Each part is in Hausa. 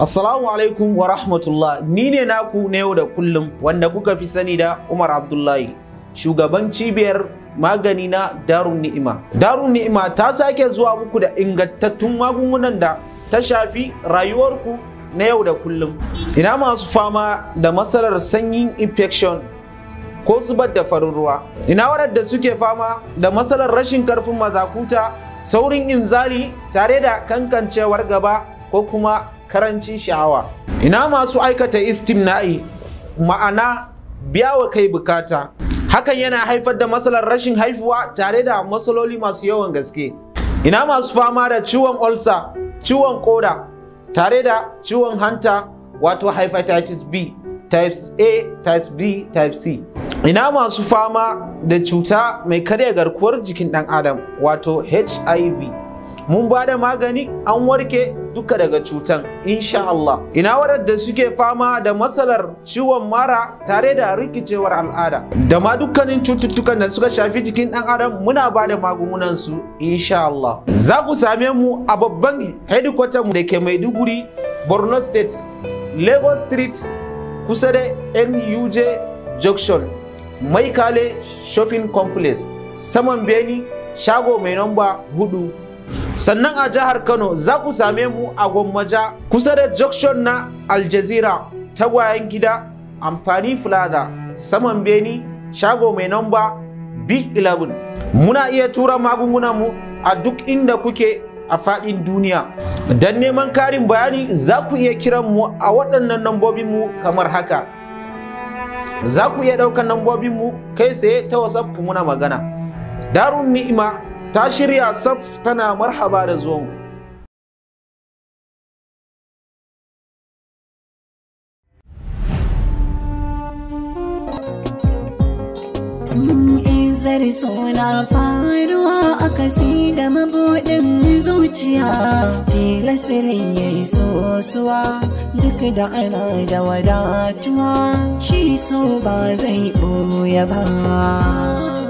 Assalamu alaikum wa rahmatullah ni ne naku na yau da kullum wanda kuka fi sani da Umar Abdullahi shugaban cibiyar magani na Darun Ni'ima. Darun Ni'ima ta sake zuwa muku da ingantattun magungunan da ta shafi rayuwarku na yau da kullum. Ina masu fama da matsalar sanyin infection ko zubar da farin ruwa. Ina waɗanda suke fama da matsalar rashin karfin mazakuta saurin inzali tare da kankancewar gaba ko kuma karancin sha'awa ina masu aikata istimna'i ma'ana biya wa kai bukata hakan yana haifar da matsalar rashin haihuwa tare da matsaloli masu yawan gaske ina masu fama da ciwon ulcer, ciwon koda tare da ciwon hanta wato hepatitis b types a types b type c ina masu fama da cuta mai karya garkuwar jikin ɗan adam wato hiv mun ba da magani an warke duka daga cutan insha Allah ina waɗanda suke fama da matsalar ciwon mara tare da rikicewar al'ada da ma dukkanin cututtukan da suka shafi jikin ɗan adam muna ba da magungunan su insha Allah za ku same mu a babban headquarter mu da ke Maiduguri Borno State Lagos Street kusa da NUJ Junction Maikale Shopping Complex saman Beni shago mai namba hudu sannan a jihar kano za ku same mu a gwammaja kusa da junction na aljazira tagwayen gida amfani plaza saman beni shago mai namba b11 muna iya tura magungunan mu a duk inda kuke a fadin duniya don neman karin bayani za ku iya kiran mu a waɗannan nambobin mu kamar haka za ku iya ɗaukar nambobin mu kai tsaye ta whatsapp muna magana darun ni'ima ta shirya saf tana marhaba da zuwan Izar suna faruwa a kasi da mabuɗin zuciya tilasirin ya yi sosuwa duk da ana da wadatuwa shi so ba zai ɓoye ba.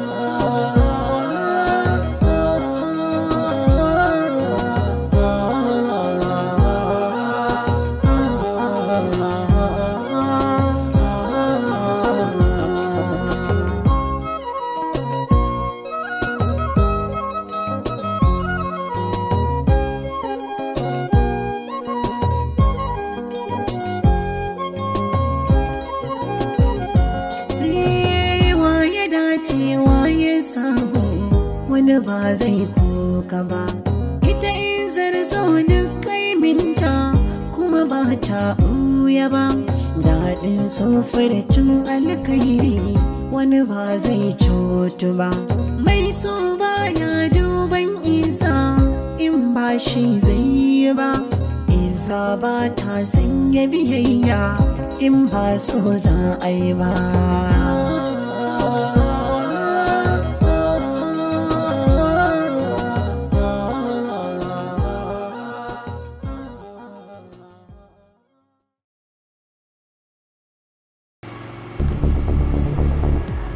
Sojan za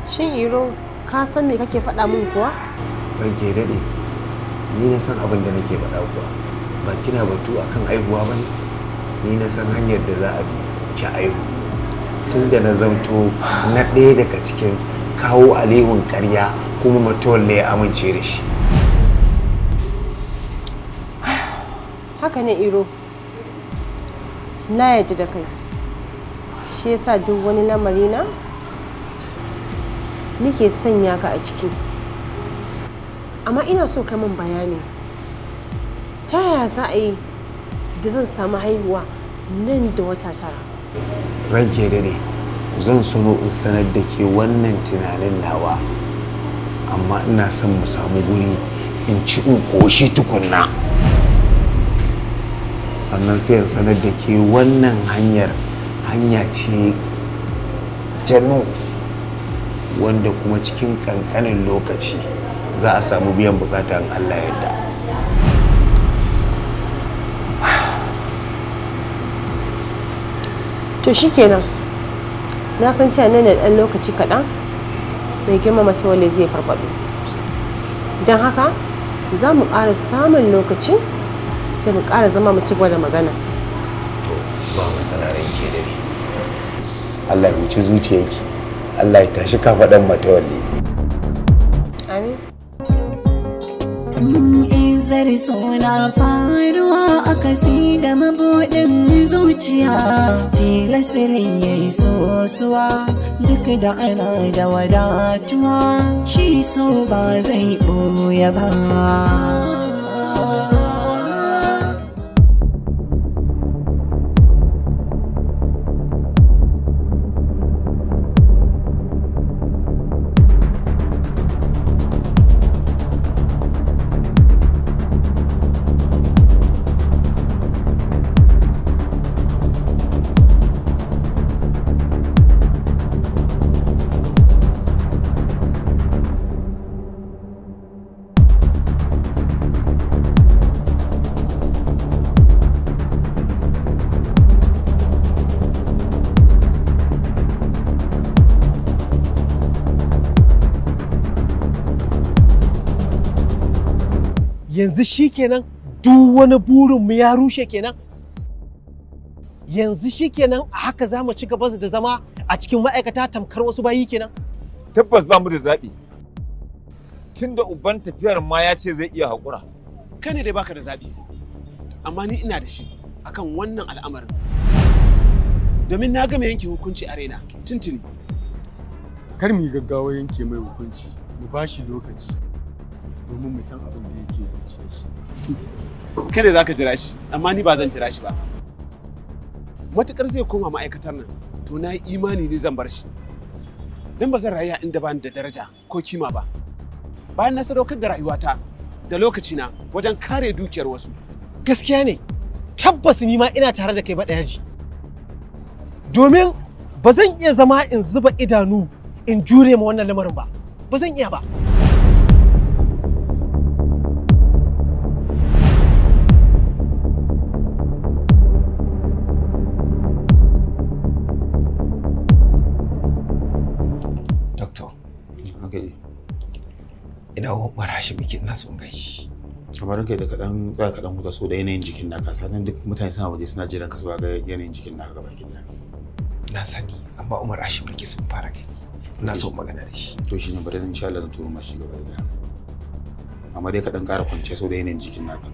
shin iro ka san me kake faɗa min kuwa ban ke daɗe ni na san abin da nake faɗa kuwa ba kina batu akan aihuwa ba ne ni na san hanyar da za a bi ki aihu tun da na zato na ɗaya daga cikin kawo alihun ƙarya kuma mutuwar ya amince da shi haka ne iro na yadda da kai shi yasa duk wani lamari na nike sanya ka a ciki amma ina so ka min bayani ta yaya za a yi da zan samu haihuwa nan da wata tara rage dare zan sano in sanar da ke wannan tunanin nawa amma ina son mu samu guri in ci in koshi tukunna sannan sai in sanar da ke wannan hanyar hanya ce jano wanda kuma cikin ƙanƙanin lokaci za a samu biyan bukatan allah yadda to shikenan na san cewa nan da ɗan lokaci kaɗan mai girma wale zai farfaɗo don haka za mu ƙara samun lokaci sai mu ƙara zama mu ci gaba da magana to ba masanarin ke da ne Allah ya wuce zuciyarki Allah ya tashi dan kafaɗan wale amin mm, zarso suna faruwa a kasi da mabuɗin zuciya sirri ya yi sosuwa duk da ana da wadatuwa shi so ba zai ɓoya ba yanzu shi kenan duk wani burinmu ya rushe kenan yanzu shi kenan a haka za mu ci gaba da zama a cikin ma'aikata tamkar wasu bayi kenan tabbas ba mu da zaɓi tunda uban tafiyar ma ya ce zai iya haƙura kai ne dai baka da zaɓi amma ni ina da shi akan wannan al'amarin domin na gama yanke hukunci a raina tuntuni kar mu yi gaggawa yanke mai hukunci mu ba shi lokaci domin mu san abin da yake zuciya shi kada za ka jira shi amma ni ba zan jira shi ba matukar zai koma ma'aikatar nan to na yi imani ne zan bar shi don ba zan rayu inda ba da daraja ko kima ba bayan na sadaukar da rayuwata da lokaci na wajen kare dukiyar wasu gaskiya ne tabbas ni ma ina tare da kai ba ji. domin ba zan iya zama in zuba idanu in jure ma wannan lamarin ba ba zan iya ba ina bara shi ina nasu gaji kamar kai da kaɗan ka kaɗan huta so da yanayin jikin naka sasan duk mutane suna waje suna jiran ka su ga yanayin jikin naka gaba ki na sani amma umar ashim nake sun fara gani ina so magana da shi to shine bari insha Allah na turo mashi gaba da amma dai kaɗan ƙara kwance so da yanayin jikin naka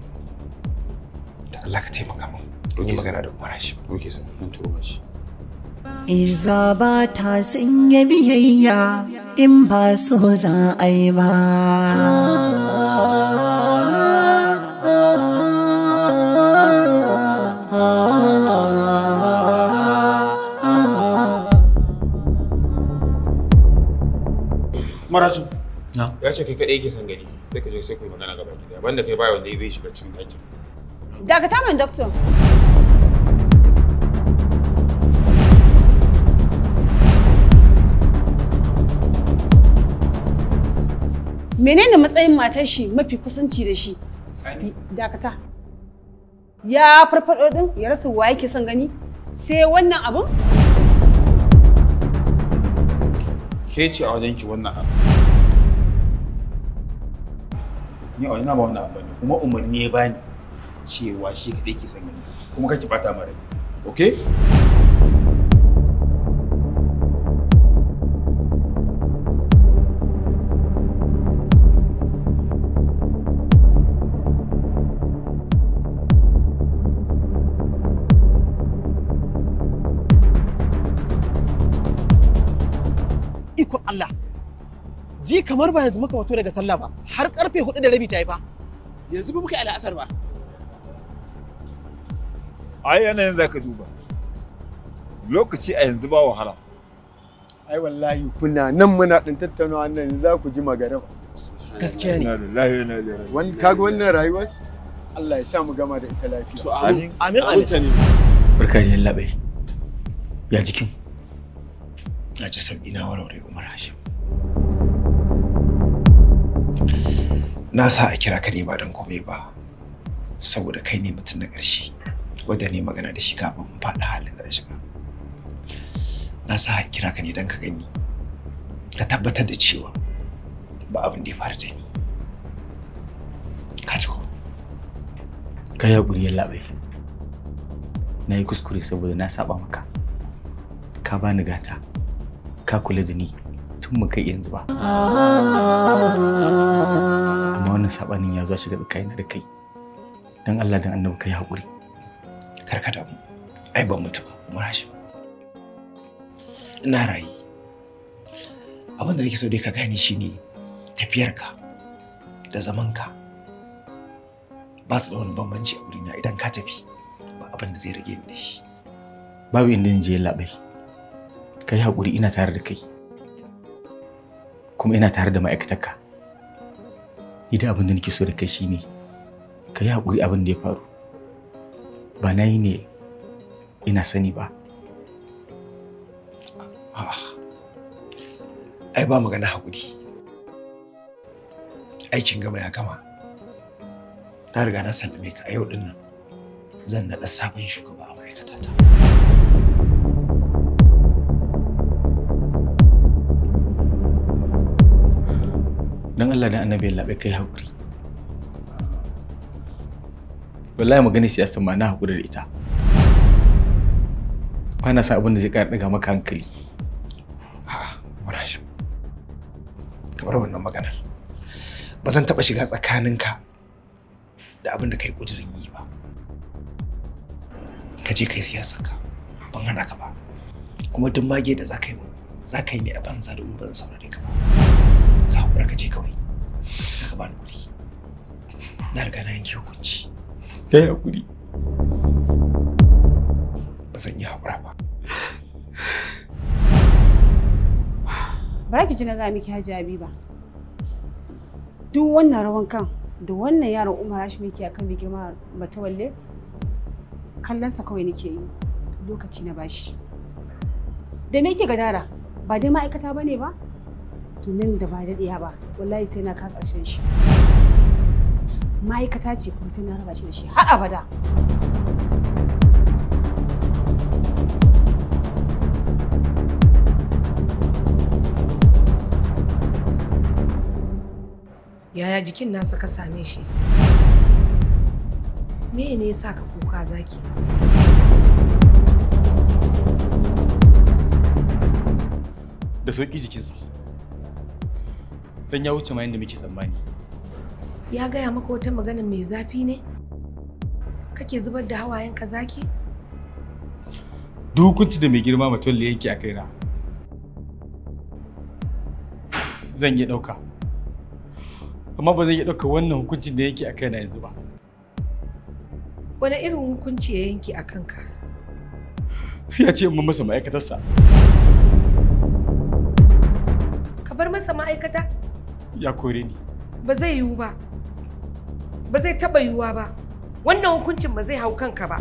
da Allah ka taimaka mu in yi magana da umar ashim okay sir nan turo mashi Iza ba ta sanya biyayya in ba so za a yi ba Marasu, ya ce kai kaɗai ke san gani sai ka je sai ku yi magana gaba ki daya banda kai ba wanda zai shiga cikin ɗakin. Dakata man doctor. menene matsayin matar shi mafi kusanci da shi dakata ya farfado din ya rasa wa yake son gani sai wannan abun ke ce a wajen ki wannan abu ni a wajen ba wannan abu ne kuma umarni ya bani cewa shi kaɗai ke son gani kuma kake bata mara okay ji kamar ba yanzu muka fito daga sallah ba har karfe hudu da rabi ta yi fa yanzu ba muka yi al'asar ba ai yanayin za ka duba lokaci a yanzu ba wahala ai wallahi kuna nan muna ɗin tattauna nan za ku ji magaraba gaskiya ne na wani kaga wannan rayuwar Allah ya sa mu gama da ita lafiya to amin amin amin barka da labai ya jikin na ji sauƙi na warware umar hashim na sa a kira ka ne ba don komai ba saboda kai ne mutum na ƙarshe wanda ne magana da shi kafin mu faɗa halin da na shiga na sa a kira ka ne don ka gani ka tabbatar da cewa ba abin da ya faru da ni ka ko ka yi haƙuri labai na yi kuskure saboda na saba maka ka bani gata ka kula da ni mu kai yanzu ba amma wannan sabanin ya zuwa shiga tsakanina da kai dan Allah dan annabi kai hakuri Kar ka damu. ai ba mutu ba mu rashi ina rayi abin da nake so dai ka gane shine tafiyarka da zamanka ba su da wani bambanci a wurina idan ka tafi ba abin da zai rage ni da shi babu inda in je labai kai hakuri ina tare da kai kuma ina tare da ma'aikatarka ni da abin da nake so da kai shine ka yi hakuri abin da ya faru ba na yi ne ina sani ba ah, ai ba magana hakuri. aikin gama ya gama na riga na sallame ka a yau ɗinnan. zan naɗa sabon shugaba a don Allah dan annabi ya labe kai hakuri wallahi magana siyasa ma na hakuri da ita ba na san abin da zai ƙara daga maka hankali Marashi kamar wannan maganar ba zan taɓa shiga tsakaninka da abin da kai ƙudurin yi ba ka je kai siyasa ka ban hana ka ba kuma duk mage da za ka yi za ka yi mai a banza domin ban saurare ka je kawai ta ka bani kuɗi, na riga na yanke hukunci kai hakuri ba zan yi haƙura ba bara ki ji na ga miki hajiya Habiba duk wannan rawan kan da wannan yaron Umar Hashim yake akan bi girma Batawalle kallonsa kawai nake yi lokaci na bashi da me yake gadara ba dai ma'aikata bane ba to nan da ba daɗiya ba wallahi sai na ka ƙarshen shi ma'aikata ce kuma sai na raba shi da shi har abada yaya jikin nasa ka same shi me ne yasa ka kuka zaki da sauƙi jikinsa Dan ya wuce ma yadda muke tsammani. Ya gaya maka wata magana mai zafi ne? Kake zubar da hawayen ka zaki? Dukunci da mai girma mutum da yake a kaina. Zan yi ɗauka. Amma ba zan yi ɗauka wannan hukuncin da yake a kaina yanzu ba. Wani irin hukunci ya yanke a kanka? Ya ce mun masa ma'aikatarsa. bar masa ma'aikata ya kore ni ba zai yiwu ba ba zai taba yiwuwa ba wannan hukuncin ba zai hau kanka ba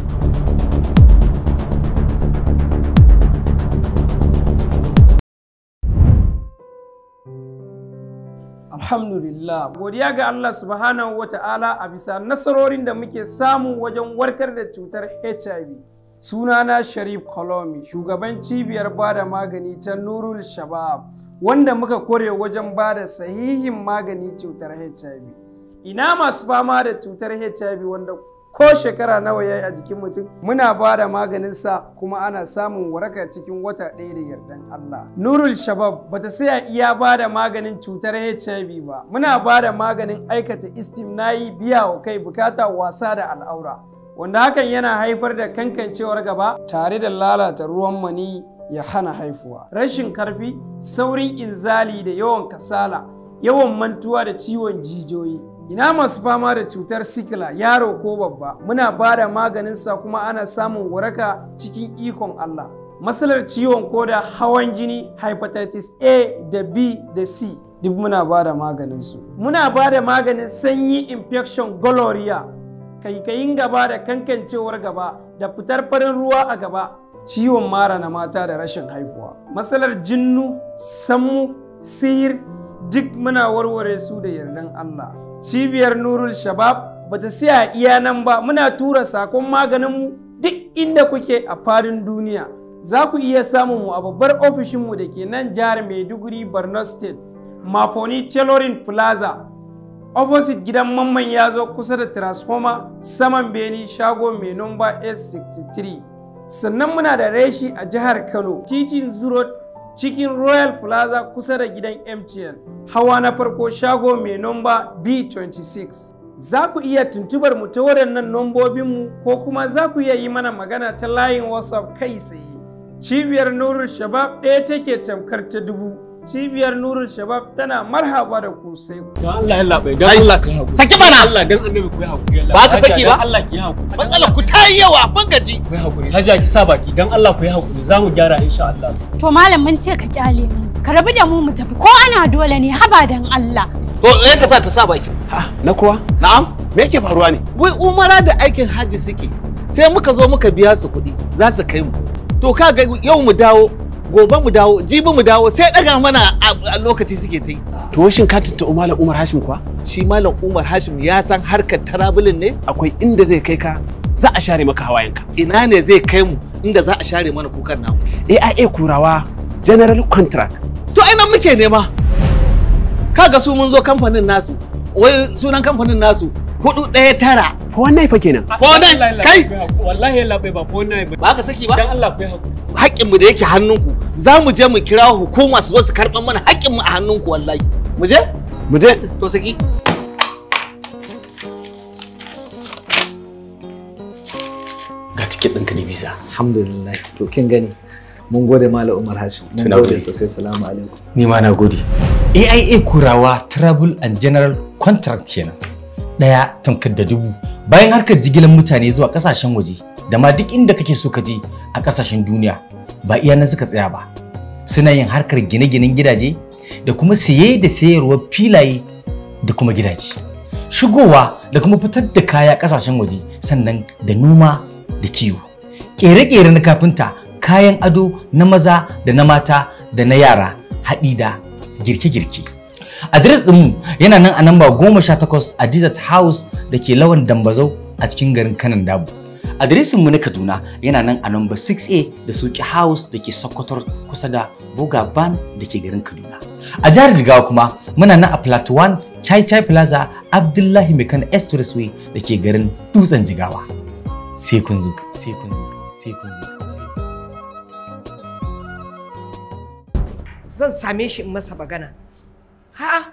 Alhamdulillah, godiya ga Allah subhanahu wa ta'ala a bisa nasarorin da muke samu wajen warkar da cutar HIV. Sunana Sharif Kolomi, shugaban cibiyar bada magani ta Nurul Shabab. wanda muka kore wajen ba da sahihin magani cutar HIV. Ina masu fama da cutar HIV wanda ko shekara nawa ya a jikin mutum muna ba da maganinsa kuma ana samun waraka cikin wata ɗaya da yardan Allah. Nurul Shabab bata saya iya ba da maganin cutar HIV ba, muna ba da maganin aikata istimnayi biya wa kai bukata wasa da al'aura. Wanda hakan yana haifar da kankancewar gaba tare da lalata ruwan mani ya hana haifuwa rashin karfi saurin inzali da yawan kasala yawan mantuwa da ciwon jijiyoyi ina masu fama da cutar sikila yaro ko babba muna ba da maganinsa kuma ana samun waraka cikin ikon Allah matsalar ciwon koda hawan jini hepatitis A da B da C duk muna ba da maganinsu muna ba da maganin sanyi infection gonorrhea kaikayin gaba da kankancewar gaba da fitar farin ruwa a gaba ciwon mara na mata da rashin haihuwa matsalar jinnu sammu sihir duk muna warware su da yardan Allah cibiyar nurul shabab bata siya iya nan ba muna tura sakon maganinmu duk inda kuke a fadin duniya za ku iya samun mu a babbar ofishinmu da ke nan jihar maiduguri borno state mafoni tailoring plaza opposite gidan mamman ya zo kusa da transformer saman beni shago mai nomba 863 sannan muna da reshi a jihar kano titin zuro cikin royal plaza kusa da gidan mtn hawa na farko shago mai nomba b26 za ku iya tuntubar mu ta waɗannan mu ko kuma za ku iya yi mana magana ta layin whatsapp kai tsaye cibiyar nurul shabab ɗaya take tamkar ta dubu cibiyar nurul shabab tana marhaba da ku sai ku dan Allah ya labai dan Allah ka hakuri saki bana Allah dan annabi ku hakuri ba ka saki ba Allah ki haku. matsalar ku ta yi yawa ban gaji ku hakuri hajiya ki sa baki dan Allah ku hakuri za mu gyara insha Allah to malam mun ce ka kyale mu ka rabu da mu mu tafi ko ana dole ne haba dan Allah to eh ka sa ta sa baki ha na kuwa na'am me yake faruwa ne wai umara da aikin haji suke sai muka zo muka biya su kuɗi za su kai mu to kaga yau mu dawo gobe mu dawo jibi mu dawo sai daga mana a lokaci suke ta yi to shin ka tattau malam umar hashim kuwa shi malam umar hashim ya san harkar tarabulin ne akwai inda zai kai ka za a share maka hawayenka ina ne zai kai mu inda za a share mana kukan namu AIA kurawa general contract to ainihin muke nema kaga su mun zo kamfanin nasu wai sunan kamfanin nasu hudu ɗaya tara kowanne wannan fa kenan ko wannan kai wallahi labai ba kowanne wannan ba ba ka saki ba dan Allah ku hakuri haƙƙin mu da yake hannunku za mu je mu kira hukuma su zo su karɓan mana haƙƙin mu a hannunku wallahi mu je mu je to saki ga tiket ɗinka da visa alhamdulillah to kin gani mun gode mala umar hashim mun gode sosai salamu alaikum ni ma na gode aia kurawa travel and general contract kenan daya tankar da dubu bayan harkar jigilar mutane zuwa kasashen waje da ma duk inda kake so ka je a kasashen duniya ba iya nan suka tsaya ba suna yin harkar gine-ginen gidaje da kuma saye da sayarwar filaye da kuma gidaje shigowa da kuma fitar da kaya kasashen waje sannan da noma da kiwo Ƙere-ƙere na kafinta kayan ado na maza da na mata da na yara haɗi da girke-girke adres ɗinmu yana nan a namba goma sha takwas a desert house da ke lawan dambazau a cikin garin kanan dabu adireshin mu na kaduna yana nan a number 6a da suki house da ke sokotar kusa da boga ban da ke garin kaduna a jihar jigawa kuma muna nan a plateau 1 chai chai plaza abdullahi mekan expressway da ke garin dutsen jigawa sai kun zo sai kun zo sai kun zo zan same shi in masa magana. ha'a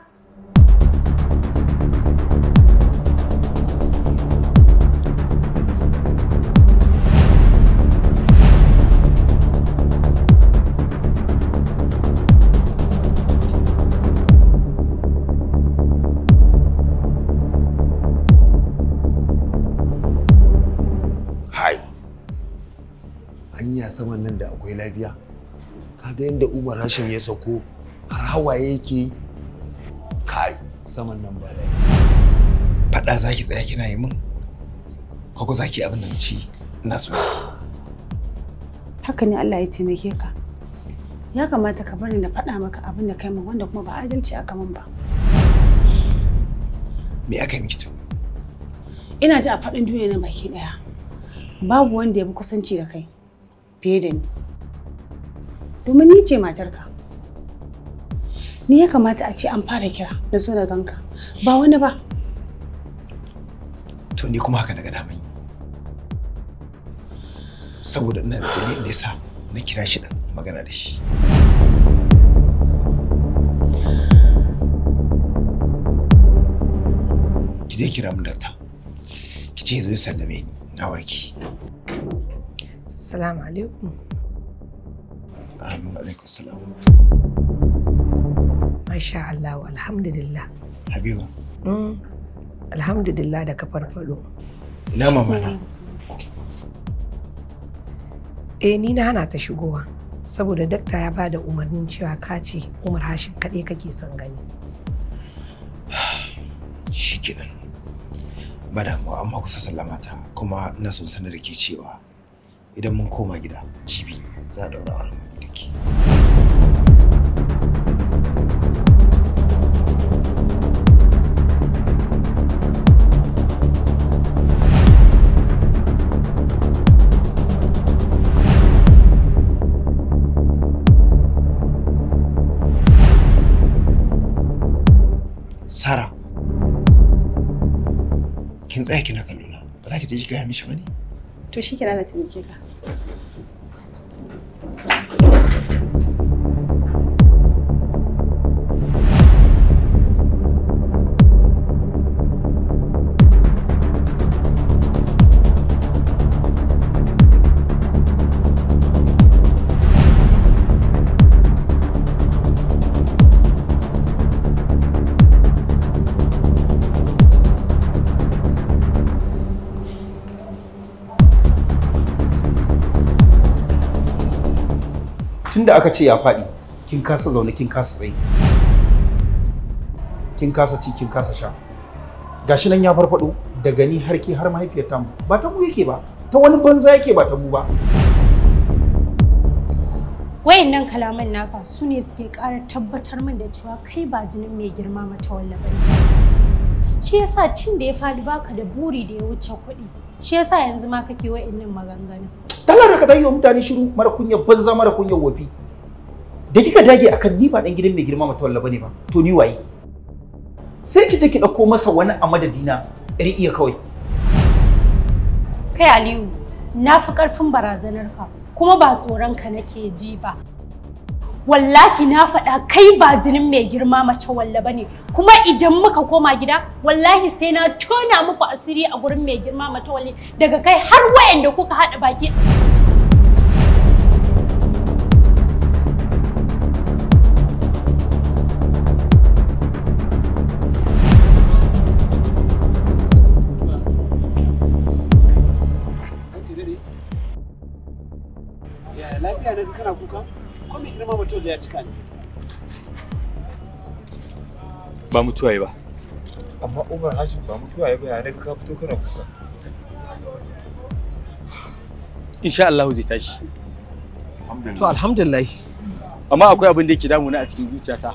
saman nan da akwai lafiya kaga yadda umar rashin ya sako har hawaye yake kai saman nan ba lafiya faɗa za ki tsaya kina yi min ko za ki abin da ci na so haka ne Allah ya taimake ka ya kamata ka bari na faɗa maka abin da kai min wanda kuma ba adalci aka min ba me aka yi miki to ina ji a faɗin duniya na baki ɗaya babu wanda ya bi kusanci da kai fiye da ni. Domin ni ce matarka. Ni ya kamata a ce an fara kira na so na ganka ba wani ba. To ni kuma haka daga damai. Saboda ina da dalilin da yasa na kira shi dan magana da shi. Ki je kira min dakta. Ki ce zo sallame ni na warki Assalamu alaikum. Amin alaikum salam. Masha Allah alhamdulillah. Habiba. Hmm, alhamdulillah da farfado. Ina mamana. Eh ni na hana ta shigowa saboda dakta ya bada umarnin cewa kace, Umar hashin kaɗai kake son gani. Shikenan. Ba damuwa amma kusa sallama ta kuma na son sanar da ke cewa idan mun koma gida cibi za a daura auren wani da ke Sara, kin tsaya kina kallona, ba za ki je ki gaya mishi ba ne? to shi kira na taimake ka da aka ce ya faɗi kin kasa zaune kin kasa tsaye kin kasa ci kin kasa sha gashi nan ya farfado da gani har ki har mahaifiyar tamu ba ta mu yake ba ta wani banza yake ba ta mu ba wayannan kalaman naka su ne suke ƙara tabbatar min da cewa kai ba jinin mai girma mata walla ba shi yasa tun da ya faɗi baka da buri da ya wuce kuɗi shi yasa yanzu ma kake wayannan maganganun dalla da ka wa mutane shiru mara kunya banza mara kunya wafi da kika dage akan ni ba dan gidan mai girma mata matawalla ne ba to ni waye sai ki je ki dauko masa wani a madadina iri iya kawai kai Aliyu na fi karfin barazanar ka kuma ba tsoron ka nake ji ba wallahi na faɗa kai ba jinin mai girma mace walla bane kuma idan muka koma gida wallahi sai na tona muku asiri a gurin mai girma mace walle daga kai har wayanda kuka haɗa baki tsaya na kana kuka ko mai girma mutum da ya cika ne ba mutuwaye ba amma umar hashim ba mutuwaye ba ya ka fito kana kuka insha Allah zai tashi to alhamdulillah amma akwai abin da yake damuna a cikin zuciyata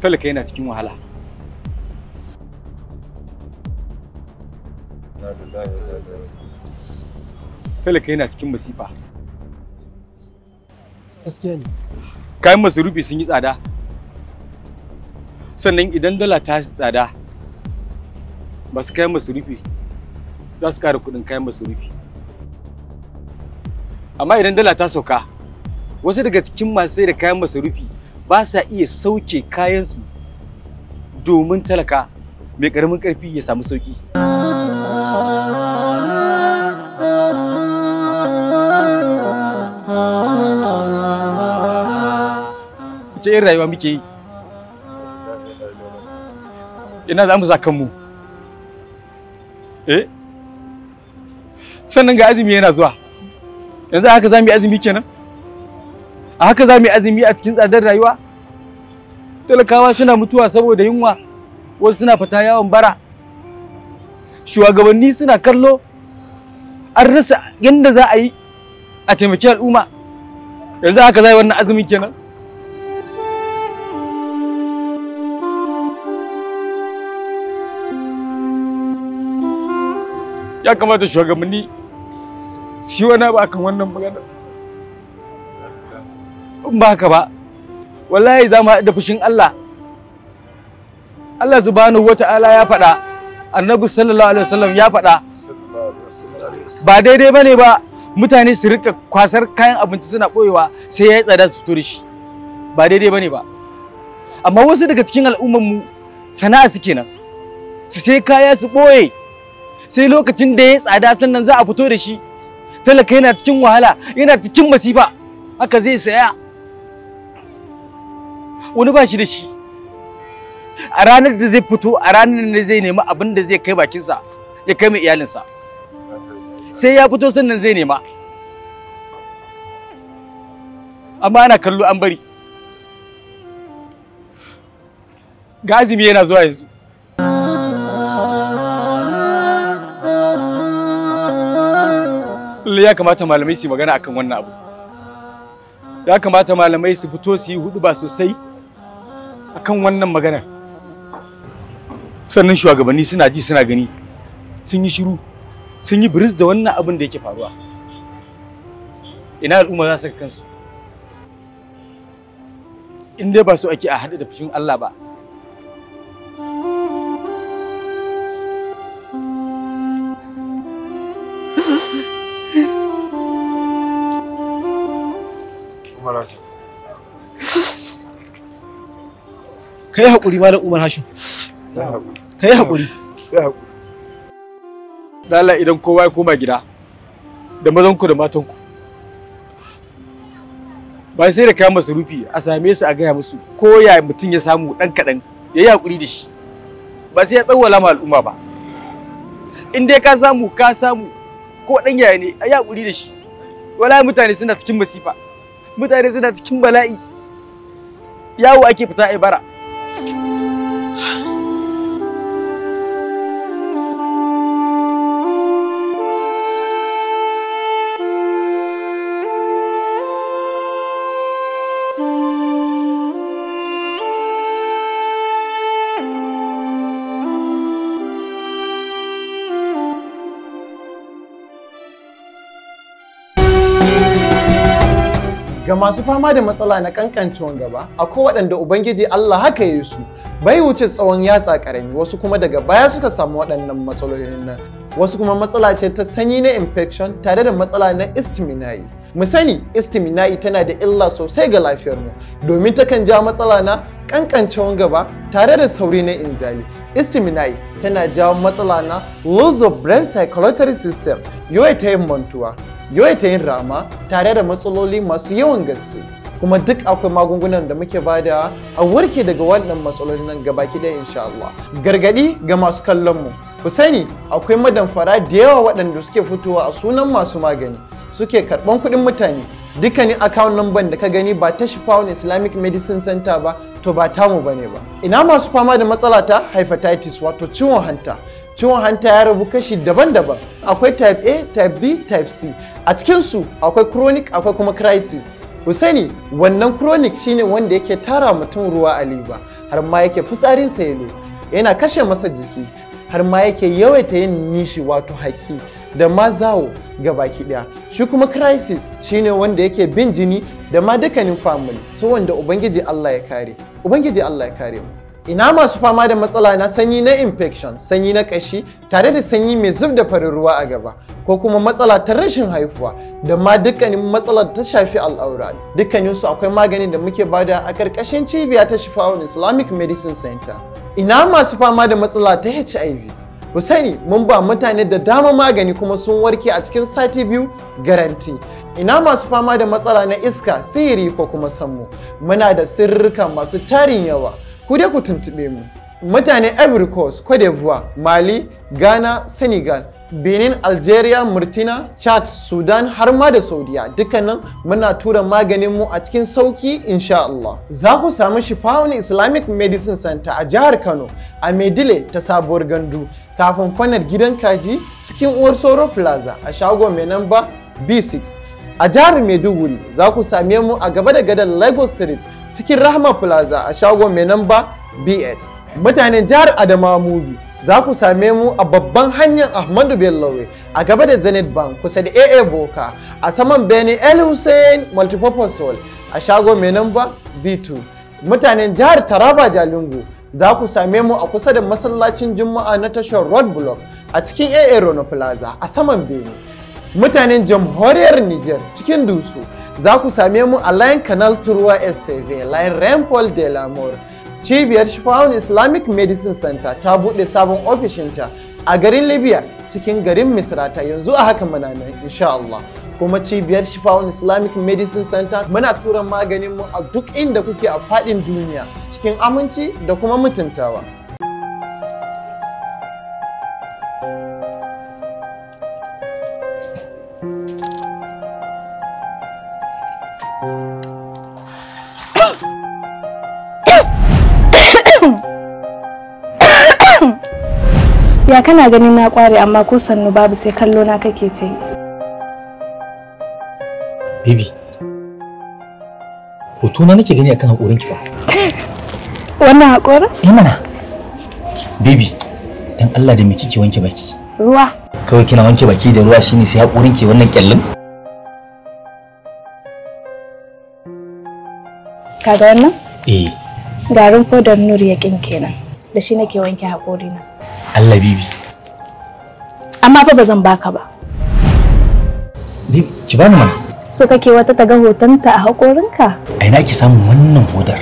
talaka yana cikin wahala la ilaha illallah talaka yana cikin masifa gaskiya ne kayan masarufi sun yi tsada sannan idan dala ta yi tsada masu kayan masarufi za su kara kudin kayan masarufi amma idan dala ta sauka wasu daga cikin masu sai da kayan masarufi ba sa iya sauke kayansu domin talaka mai ƙaramin ƙarfi ya samu sauki. wace irin rayuwa muke yi ina za mu kanmu eh sannan ga azumi yana zuwa yanzu haka za mu yi azumi kenan a haka za mu yi azumi a cikin tsadar rayuwa talakawa suna mutuwa saboda yunwa wasu suna fita yawon bara shugabanni suna kallo an rasa yadda za a yi a taimaki al'umma yanzu haka za yi wannan azumin kenan ya kamata shugabanni shi wani ba kan wannan magana in ba haka ba wallahi za mu haɗu da fushin Allah Allah subhanahu wata'ala ya faɗa annabi sallallahu alaihi wasallam ya faɗa ba daidai bane ba mutane su rika kwasar kayan abinci suna ɓoyewa sai ya yi tsada su fito da shi ba daidai bane ba amma wasu daga cikin al'ummar mu sana'a su kenan su sai kaya su ɓoye sai lokacin da ya tsada sannan za a fito da shi talaka yana cikin wahala yana cikin masifa haka zai saya wani ba shi da shi a ranar da zai fito a ranar da zai nema abin da zai kai bakinsa ya kai mai iyalinsa sai ya fito sannan zai nema amma ana kallo an bari ga azumi yana zuwa yanzu kullum ya kamata malamai su magana akan wannan abu ya kamata malamai su fito su yi hudu ba sosai akan wannan magana sannan shugabanni suna ji suna gani sun yi shiru sun yi biris da wannan abin da yake faruwa ina al'umma za su ga kansu in dai ba su ake a haɗu da fushin Allah ba saurara ka yi haƙuri malam umar hashim ka yi haƙuri dala idan kowa ya koma gida da mazanku da matanku ba sai da kayan masarufi a same su a gaya musu ko ya mutum ya samu ɗan kaɗan ya yi haƙuri da shi ba sai ya tsawwala ma al'umma ba in dai ka samu ka samu ko ɗan yaya ne a yi haƙuri da shi wala mutane suna cikin masifa mutane suna cikin bala'i yawo ake fita a bara Ga masu fama da matsala na kankancewan gaba, akwai waɗanda Ubangiji Allah haka ya yi su, bai wuce tsawon yatsa ƙarami, wasu kuma daga baya suka samu waɗannan matsalolin nan. Wasu kuma matsala ce ta sanyi na infection tare da matsala na yi. mu sani istimina'i tana da illa sosai ga lafiyarmu domin takan ja matsala na kankancewan gaba tare da sauri na inzali istimina'i tana jawo matsala na loss of brain circulatory system ta yin mantuwa ta yin rama tare da matsaloli masu yawan gaske kuma duk akwai magungunan da muke bada a warke daga wannan matsalolin nan gaba ɗaya insha Allah gargaɗi ga masu kallon mu ku sani akwai madamfara da yawa waɗanda suke fitowa a sunan masu magani suke karɓan kuɗin mutane dukkanin account number da ka gani ba ta Shifawun Islamic Medicine Center ba to ba tamu bane ba ina masu fama da matsala ta hepatitis wato ciwon hanta ciwon hanta ya rabu kashi daban-daban akwai type A type B type C a cikin su akwai chronic akwai kuma crisis ku sani wannan chronic shine wanda yake tara mutum ruwa a liba har ma yake fitsarin sa yana kashe masa jiki har ma yake yawaita yin nishi wato haki da ma zawo ga baki daya shi kuma crisis shine wanda yake bin jini da ma dukkanin family so wanda ubangiji Allah ya kare ubangiji Allah ya kare mu ina masu fama da matsala na sanyi na infection sanyi na kashi tare da sanyi mai zub da farin ruwa a gaba ko kuma matsala ta rashin haihuwa da ma dukkanin matsalar ta shafi al'aura dukkanin su akwai maganin da muke bada a karkashin cibiya ta shifa'un islamic medicine center ina masu fama da matsala ta hiv ku sani mun ba mutane da dama magani kuma sun warke a cikin sati biyu garanti ina masu fama da matsala na iska sihiri ko kuma sammu muna da sirrika masu tarin yawa ku dai ku tuntuɓe mu mutane ivory coast cote d'ivoire mali ghana senegal benin algeria murtina chad sudan har ma da saudiya dukkanin muna tura maganin mu a cikin sauki insha Allah za ku samu Shifa'un islamic medicine center a jihar kano a medile ta sabuwar gandu kafin kwanar gidan kaji cikin uwar soro plaza a shago mai namba b6 a jihar maiduguri za ku same mu a gaba da gadan lagos street cikin rahma plaza a shago mai namba b8 mutanen jihar adamawa mubi za ku same mu a babban hanyar Ahmadu Bello a gaba da Zenith Bank kusa da AA Boka a saman Bene El Hussein Multipurpose Hall a shago mai namba B2. Mutanen jihar Taraba Jalingo za ku same mu a kusa da masallacin Juma'a na tashar Road Block a cikin AA Rono Plaza a saman Bene. Mutanen jamhuriyar Niger cikin Dusu za ku same mu a Line Canal Turwa STV, Line Rainfall de la mort Cibiyar Shifa'un Islamic Medicine Center ta buɗe sabon ofishinta a garin Libya cikin garin Misrata yanzu a haka muna nan insha Allah. Kuma cibiyar Shifa'un Islamic Medicine Center muna tura maganinmu a duk inda kuke a faɗin duniya cikin aminci da kuma mutuntawa. ya kana ganin na kware amma ko sannu babu sai kallo na kake ta yi bibi hoto na nake gani akan hakorin ki ba wannan hakorin eh mana bibi dan Allah da me kike wanke baki ruwa kawai kina wanke baki da ruwa shine sai hakorin ki wannan kyallin kaga wannan eh garin fodar nur yakin kenan da shi nake wanke na. Allah bibi. Amma fa ba baka ba. Ni ki bani mana. So kake wata ta ga hotonta a hakorinka? A ina ki samun wannan hodar?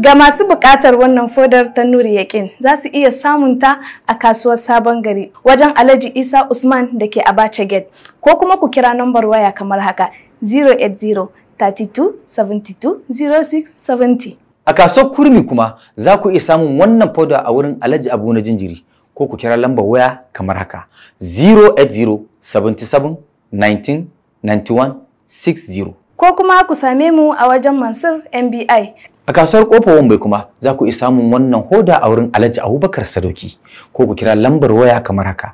Ga masu buƙatar wannan fodar ta Nuri Yakin za su iya samun ta a kasuwar Sabon Gari wajen Alhaji Isa Usman da ke Abacha Gate ko kuma ku kira nambar waya kamar haka 080 32 72 A kasuwar Kurmi kuma za ku iya samun wannan fodar a wurin Alhaji Abu na Jinjiri ko ku kira lambar waya kamar haka 080 ko kuma ku same mu a wajen Mansur MBI. A kasuwar Kofar Wambai kuma za ku iya samun wannan hoda a wurin Alhaji Abubakar Sadoki ko ku kira lambar waya kamar haka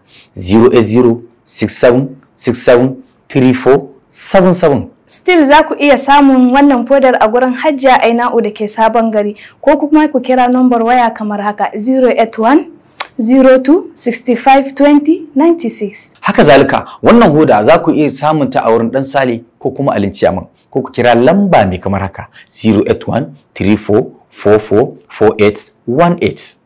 08067673477. Still za ku iya samun wannan fodar a gurin Hajiya Aina'u da ke Sabon Gari ko kuma ku kira lambar waya kamar haka 081 02652096. Haka zalika wannan hoda za ku iya samun ta a wurin ɗan sale ko kuma alin man, ko ku kira lamba mai kamar haka 0813444818.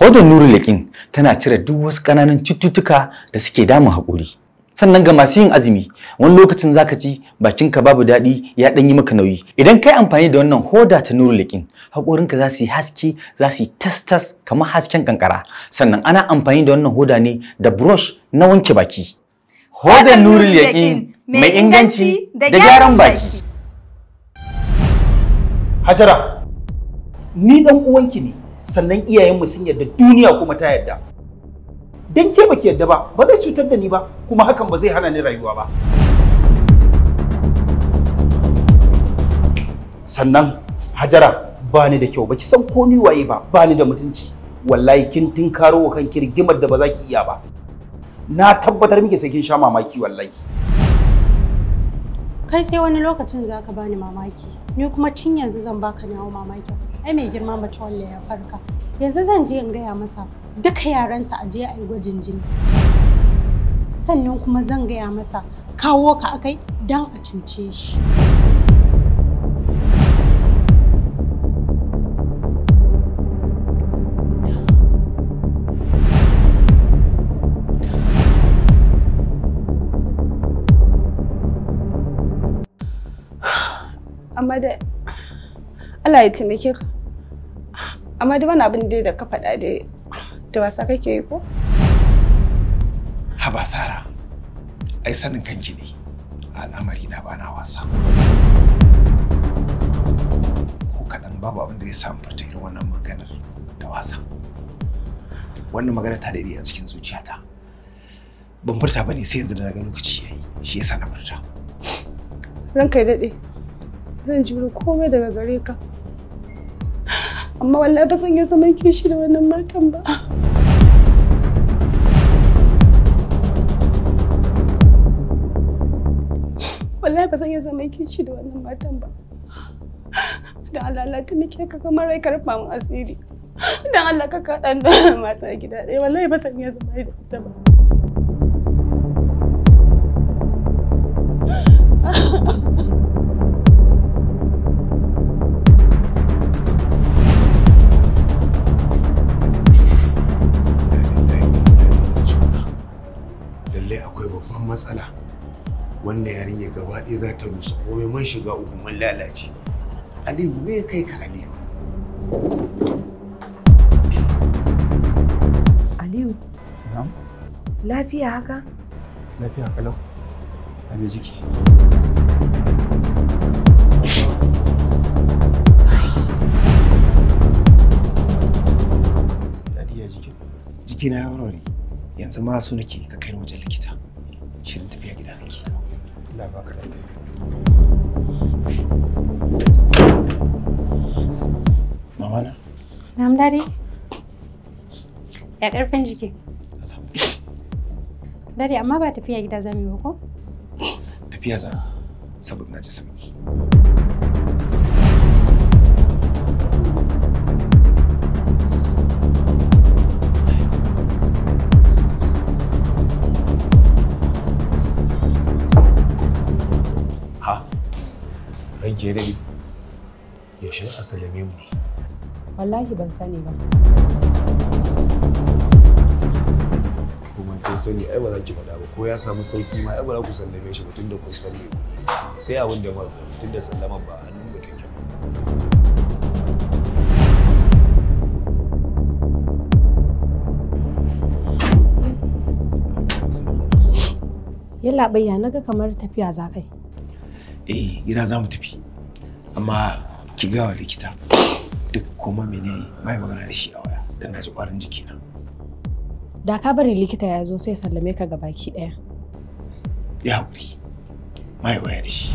Hodar Nuru Lekin tana cire duk wasu ƙananan cututtuka da suke damun haƙuri. sannan ga masu yin azumi wani lokacin zaka ci bakinka babu daɗi ya ɗan yi maka nauyi idan kai amfani da wannan hoda ta nuru hakorin haƙorinka za su yi haske za su yi tas kamar hasken kankara sannan ana amfani da wannan hoda ne da brush na wanke baki Hodan nuru liƙin mai inganci da gyaran baki hajara ni dan uwanki ne sannan iyayenmu sun yarda duniya kuma ta yarda dan ke baki yadda ba ba zai cutar da ni ba kuma hakan ba zai hana ni rayuwa ba sannan hajara ba ni da kyau ba ki san ko ni waye ba ba ni da mutunci wallahi kin tinkaro wa kan kirgimar da ba za ki iya ba na tabbatar miki sai kin sha mamaki wallahi kai sai wani lokacin za ka bani mamaki ni kuma cin yanzu zan baka nawa mamaki ai mai girma mata wallahi ya farka Yanzu zan je in gaya masa duka yaransa a je ayi gwajin jini. Sannan kuma zan gaya masa kawo ka akai don a cuce shi. amma da Allah ya taimake ka amma duk wani abin da da ka faɗa dai da wasa kake yi ko? Haba Sara, ai sanin kanki ne al'amari na bana wasa. Ko kaɗan babu abin da ya samu fita irin wannan maganar da wasa. Wannan magana ta daidai a cikin zuciyata. Ban furta ba ne sai yanzu da na ga lokaci ya yi, shi yasa na furta. Ranka ya daɗe, zan juro komai daga gare ka. amma wallahi ba zan iya zaman kishi da wannan matan ba wallahi ba zan iya zaman kishi da wannan matan ba da Allah ta nake ka kamar rai karfa mu asiri dan Allah ka kaɗan da mata gida ɗaya wallahi ba zan iya kishi da ita ba wannan yarinya gaba ɗaya za ta rusa komai mun shiga uku mun lalace aliyu me kai ka aliyu aliyu lafiya haka lafiya kalau a me jiki na ya warware yanzu ma su nake ka kai wajen likita shirin tafiya gida kake Allah ba mama na na'am dare ya karfin jiki dare amma ba tafiya gida zamu yi ba ko tafiya za saboda na ji sauki ranki ya yaushe a salame mu ne wallahi ban sani ba kuma kin sani ai ba za ki faɗa ba ko ya samu sauki ma ai ba za ku sallame shi ba tunda kun san sai abin da ba tunda sallama ba hannun mutum ke Yalla bayya naga kamar tafiya za kai. eh gida za mu tafi amma ki gawa likita duk kuma ne mai magana da shi a waya dan na ji kwarin jikina da ka bari likita ya zo sai sallame ka gabaki daya ya haƙuri mai waya da shi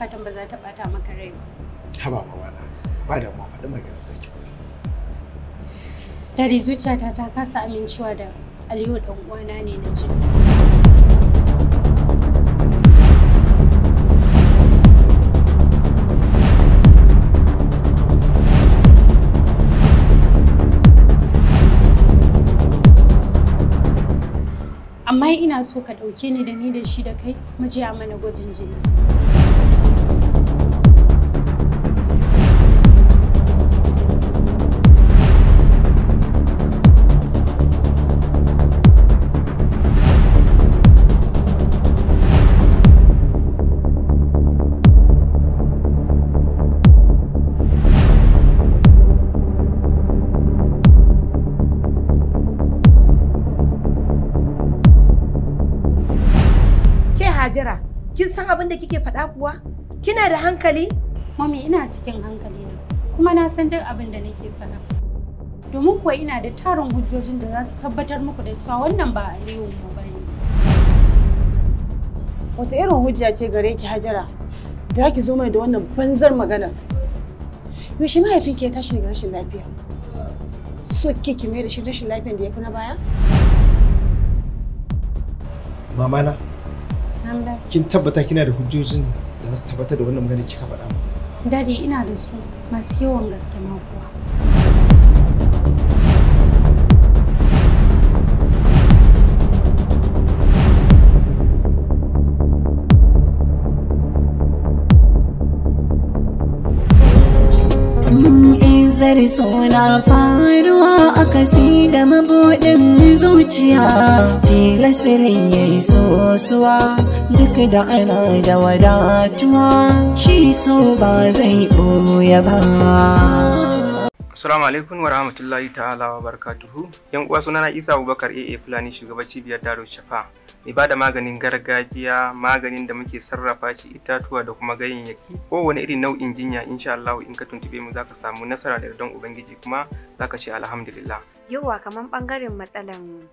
fatan ba za ta bata maka rai ba. Haba mamana, ba da mu faɗi magana ta ki. Dari zuciyata ta kasa amincewa da Aliyu dan uwana ne na ji. amma ina so ka ɗauke ni da ni da shi da kai mu je a mana gwajin jini. kike faɗa kuwa? Kina da hankali? Mami ina cikin hankali na kuma na san duk abin da nake faɗa. Domin kuwa ina da tarin hujjojin da za su tabbatar muku da cewa wannan ba Aliyu ba ne. Wata irin hujja ce gare ki Hajara? Da ki zo mai da wannan banzar magana. Yaushe mahaifinki ya tashi daga rashin lafiya? So ki mai da rashin lafiyar da ya fi na baya? Mamana, kin tabbata kina da hujjojin da za su tabbatar da wannan magana kika faɗa mu dadi ina da su masu yawan gaske ma kuwa Kisar suna faruwa a kasi da mabuɗin zuciya Tilasirin ya yi sosuwa duk da ana da wadatuwa Shi so ba zai ɓoye ba Assalamu alaikum wa rahmatullahi ta'ala wa barakatuhu. Yan uwa sunana Isa Abubakar AA Fulani shugaban cibiyar Daro Shafa. mai bada maganin gargajiya maganin da muke sarrafa shi itatuwa da kuma ganyayyaki kowane irin nau'in jinya insha Allah in ka tuntube mu zaka samu nasara da yardan ubangiji kuma zaka ce alhamdulillah yawa kaman bangaren matsalan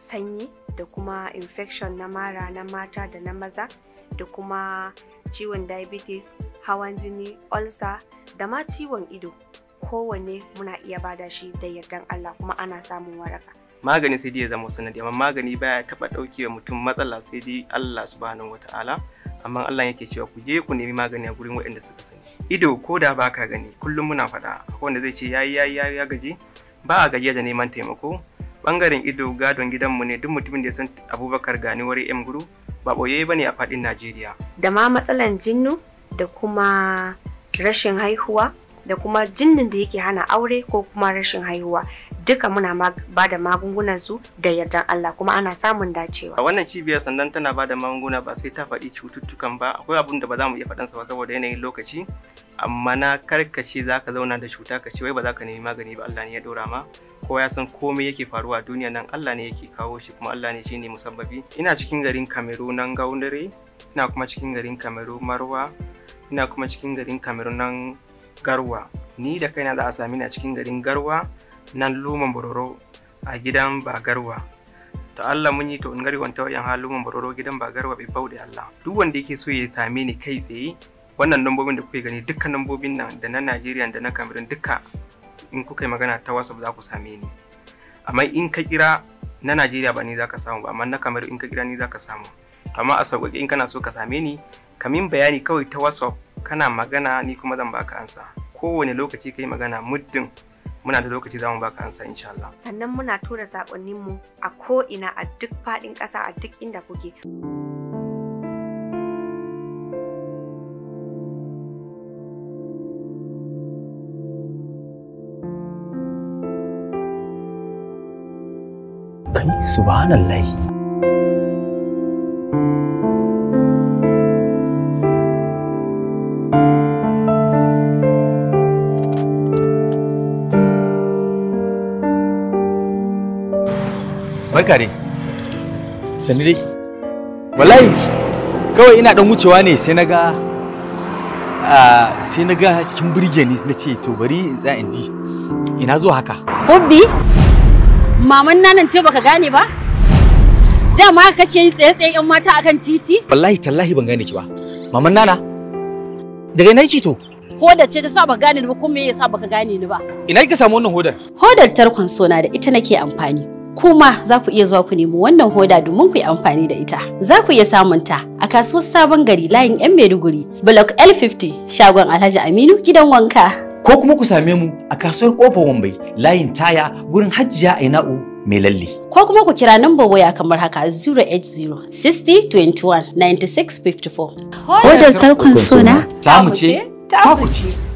sanyi da kuma infection na mara na mata da na maza da kuma ciwon diabetes hawan jini ulcer da ma ciwon ido kowanne muna iya bada shi da yardan Allah kuma ana samun waraka magani sai dai ya zama sanadi amma magani baya taba dauke mutum matsala sai dai Allah subhanahu ta'ala amma Allah yake cewa ku je ku nemi magani a gurin waɗanda suka sani ido ko da baka gani kullum muna faɗa wanda zai ce yayi yayi ya gaji ba a gajiya da neman taimako bangaren ido gadon gidanmu ne duk mutumin da ya san Abubakar Gani wari M Guru ba boye ne a faɗin Najeriya da ma matsalan jinnu da kuma rashin haihuwa da kuma jinnin da yake hana aure ko kuma rashin haihuwa duka muna ba da magungunan su da yardan Allah kuma ana samun dacewa a wannan cibiyar sannan tana ba da magunguna ba sai ta faɗi cututtukan ba akwai abun da ba za mu iya faɗansa ba saboda yanayin lokaci amma na karkace za ka zauna da cuta ka ce wai ba za ka nemi magani ba Allah ne ya ɗora ma kowa ya san komai yake faruwa a duniya nan Allah ne yake kawo shi kuma Allah ne shi ne musabbabi ina cikin garin Kamero nan Gaundare ina kuma cikin garin Kamero Marwa ina kuma cikin garin Kamero nan Garwa ni da kaina za a sami ni cikin garin Garwa nan luman bororo a gidan bagarwa Ta Allah mun yi to in gari wanta wayan luma bororo gidan bagarwa bai da Allah duk wanda yake so ya same ni kai tsaye wannan lambobin da kuke gani dukkan lambobin nan da na Najeriya da na Cameroon duka in kuka yi magana ta WhatsApp za ku same ni amma in ka kira na Najeriya ba ni za ka samu ba amma na Cameroon in ka kira ni za ka samu amma a sauƙaƙe in kana so ka same ni ka min bayani kawai ta WhatsApp kana magana ni kuma zan baka ansa kowane lokaci kai magana muddin muna da lokaci za mu ka ansa insha Allah. Sannan muna tura mu a ko ina a duk faɗin ƙasa a duk inda kuke. Kai, subhanallah. barka dai sani dai wallahi kawai ina dan wucewa ne sai na ga sai na ga kin burge ni na ce to bari in za in ji ina zo haka hobbi maman nanan ce baka gane ba dama kake yi tsaye tsaye yan mata akan titi wallahi tallahi ban gane ki ba maman nana daga ina ki to hodar ce ta sa ba gane ni ba kuma me yasa baka gane ni ba ina kika samu wannan hodar hodar tarkon sona da ita nake amfani kuma za ku iya zuwa ku nemo wannan hoda domin ku yi amfani da ita. Za ku iya samun ta a kasuwar Sabon Gari layin 'yan Maiduguri, Block L50, shagon Alhaji Aminu gidan wanka. Ko kuma ku same mu a kasuwar Kofar Wambai, layin Taya, gurin Hajjiya Aina'u mai lalle. Ko kuma ku kira nambar waya kamar haka 080 60 21 Hodar tarkon suna ta mu ce, ta ku ce.